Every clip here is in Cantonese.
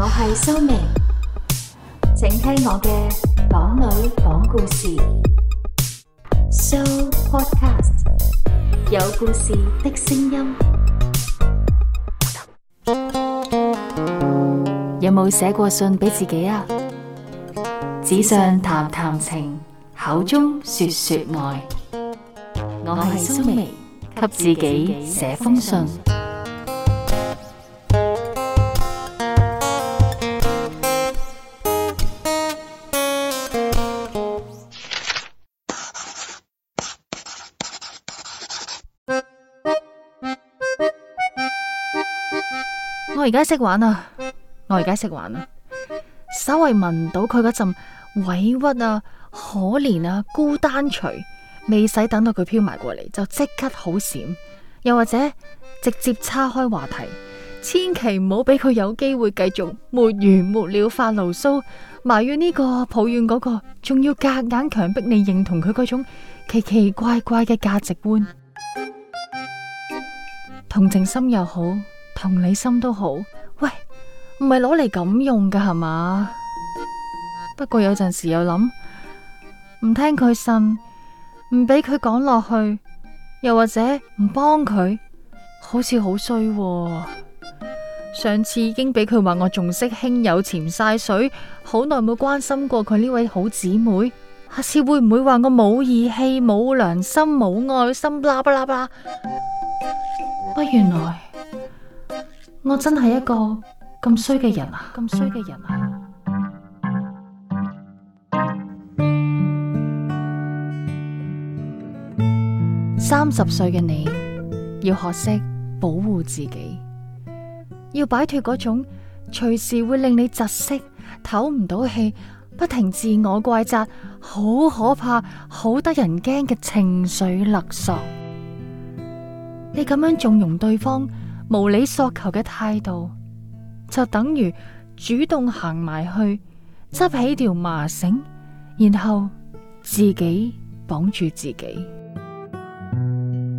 我係蘇明，請聽我嘅港女講故事，蘇 Podcast 有故事的聲音。有冇寫過信俾自己啊？紙上談談情，口中說說愛。我係蘇明，給自己寫封信。而家識玩啊？我而家識玩啊！稍微聞到佢嗰陣委屈啊、可憐啊、孤單除，未使等到佢飄埋過嚟就即刻好閃，又或者直接叉開話題，千祈唔好俾佢有機會繼續沒完沒了發牢騷，埋怨呢個抱怨嗰個，仲要夾硬強迫你認同佢嗰種奇奇怪怪嘅價值觀，同情心又好，同理心都好，喂，唔係攞嚟咁用噶係嘛？不過有陣時又諗，唔聽佢呻，唔俾佢講落去，又或者唔幫佢，好似好衰喎。上次已經俾佢話我仲識輕友潛晒水，好耐冇關心過佢呢位好姊妹，下次會唔會話我冇義氣、冇良心、冇愛心？啦啦啦不原來。我真係一個咁衰嘅人啊！咁衰嘅人啊！三十歲嘅你要學識保護自己，要擺脫嗰種隨時會令你窒息、唞唔到氣、不停自我怪責、好可怕、好得人驚嘅情緒勒索。你咁樣縱容對方，無理索求嘅態度，就等於主動行埋去，執起條麻繩，然後自己綁住自己。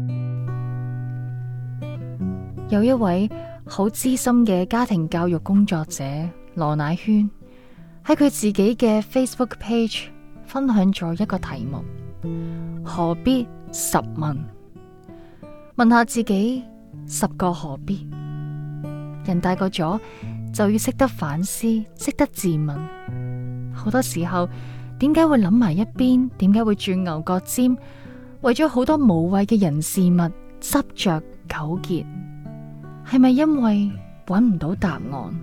有一位好資深嘅家庭教育工作者羅乃軒喺佢自己嘅 Facebook page 分享咗一個題目：何必十問？問下自己。十個何必？人大個咗就要識得反思，識得自問。好多時候點解會諗埋一邊？點解會鑽牛角尖？為咗好多無謂嘅人事物執着糾結，係咪因為揾唔到答案？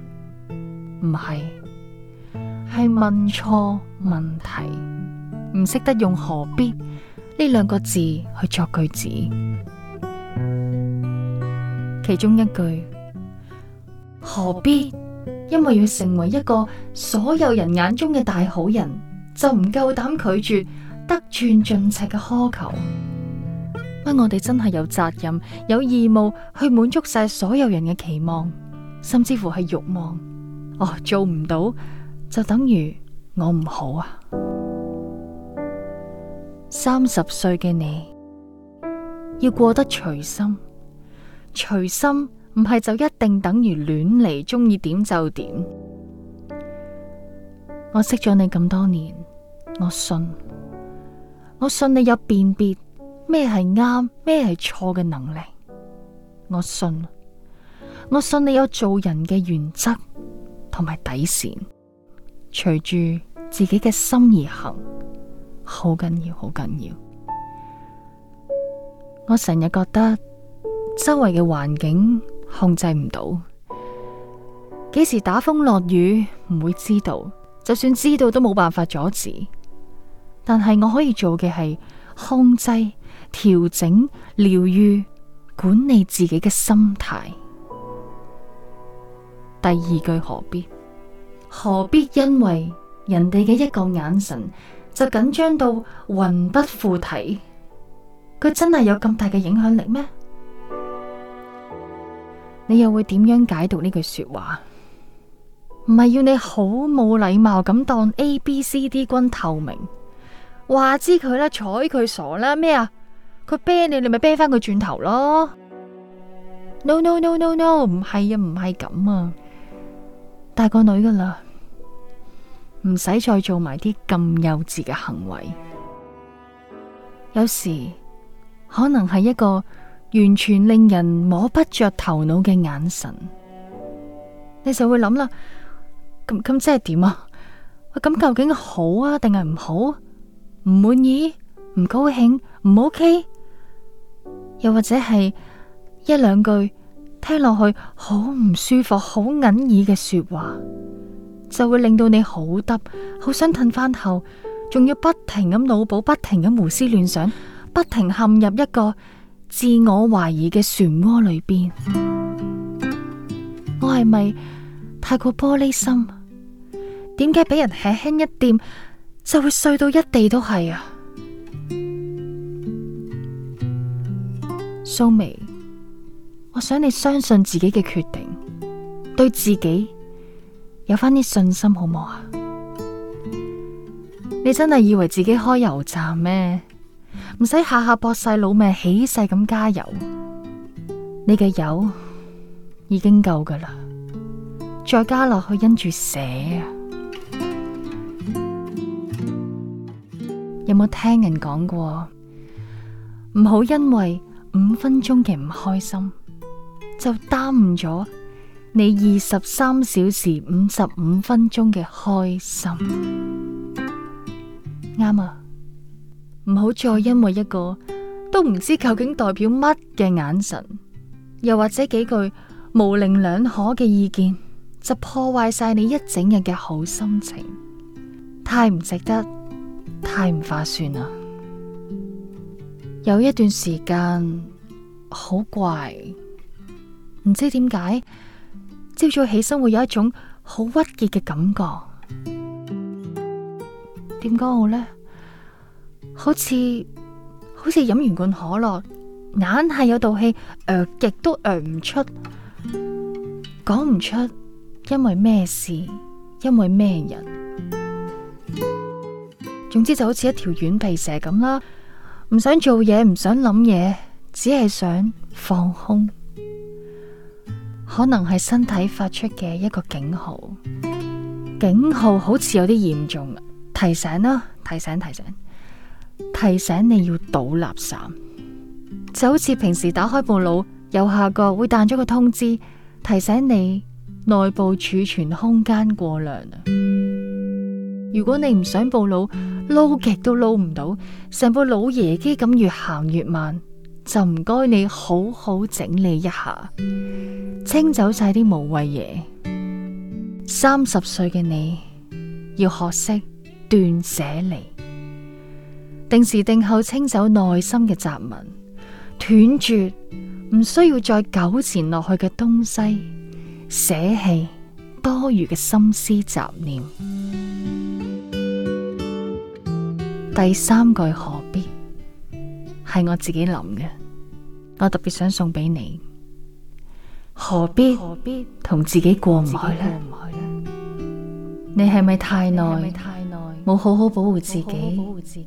唔係，係問錯問題，唔識得用何必呢兩個字去作句子。其中一句，何必？因為要成為一個所有人眼中嘅大好人，就唔夠膽拒絕得寸進尺嘅苛求。乜我哋真係有責任、有義務去滿足晒所有人嘅期望，甚至乎係慾望。哦，做唔到就等於我唔好啊！三十歲嘅你要過得隨心。隨心唔係就一定等於亂嚟，中意點就點。我識咗你咁多年，我信，我信你有辨別咩係啱，咩係錯嘅能力。我信，我信你有做人嘅原則同埋底線，隨住自己嘅心而行，好緊要，好緊要。我成日覺得。周圍嘅環境控制唔到，幾時打風落雨唔會知道，就算知道都冇辦法阻止。但係我可以做嘅係控制、調整、療癒、管理自己嘅心態。第二句何必？何必因為人哋嘅一個眼神就緊張到魂不附體？佢真係有咁大嘅影響力咩？你又會點樣解讀呢句說話？唔係要你好冇禮貌咁當 A、B、C、D 君透明，話知佢啦，睬佢傻啦咩啊？佢啤你，你咪啤 a 翻佢轉頭咯。No no no no no，唔、no, 係啊，唔係咁啊，大個女噶啦，唔使再做埋啲咁幼稚嘅行為。有時可能係一個。完全令人摸不着頭腦嘅眼神，你就會諗啦，咁咁即係點啊？喂，咁究竟好啊，定係唔好？唔滿意？唔高興？唔 OK？又或者係一兩句聽落去好唔舒服、好隱耳嘅說話，就會令到你好耷，好想褪翻後，仲要不停咁腦補，不停咁胡思亂想，不停陷入一個。自我懷疑嘅漩渦裏邊，我係咪太過玻璃心？點解俾人輕輕一掂就會碎到一地都係啊？蘇眉，我想你相信自己嘅決定，對自己有翻啲信心好冇啊？你真係以為自己開油站咩？唔使下下搏晒老命，起勢咁加油，你嘅油已經夠噶啦，再加落去因住寫啊！ 有冇聽人講過？唔好因為五分鐘嘅唔開心，就耽誤咗你二十三小時五十五分鐘嘅開心。啱啊！唔好再因為一個都唔知究竟代表乜嘅眼神，又或者幾句模稜兩可嘅意見，就破壞晒你一整日嘅好心情，太唔值得，太唔化算啦！有一段時間好怪，唔知點解朝早起身會有一種好鬱結嘅感覺，點講好呢？好似好似飲完罐可樂，硬係有道氣，誒、呃，極都誒、呃、唔出，講唔出，因為咩事？因為咩人？總之就好似一條軟皮蛇咁啦，唔想做嘢，唔想諗嘢，只係想放空。可能係身體發出嘅一個警號，警號好似有啲嚴重，提醒啦，提醒提醒。提醒你要倒垃圾，就好似平時打開部腦右下角會彈咗個通知，提醒你內部儲存空間過量。如果你唔想部腦撈極都撈唔到，成部老爺機咁越行越慢，就唔該你好好整理一下，清走晒啲無謂嘢。三十歲嘅你要學識斷捨離。定時定候清走內心嘅雜文，斷絕唔需要再糾纏落去嘅東西，捨棄多餘嘅心思雜念。第三句何必係我自己諗嘅，我特別想送俾你。何必何必同自己過唔去呢？去呢你係咪太耐？冇好好保護自己。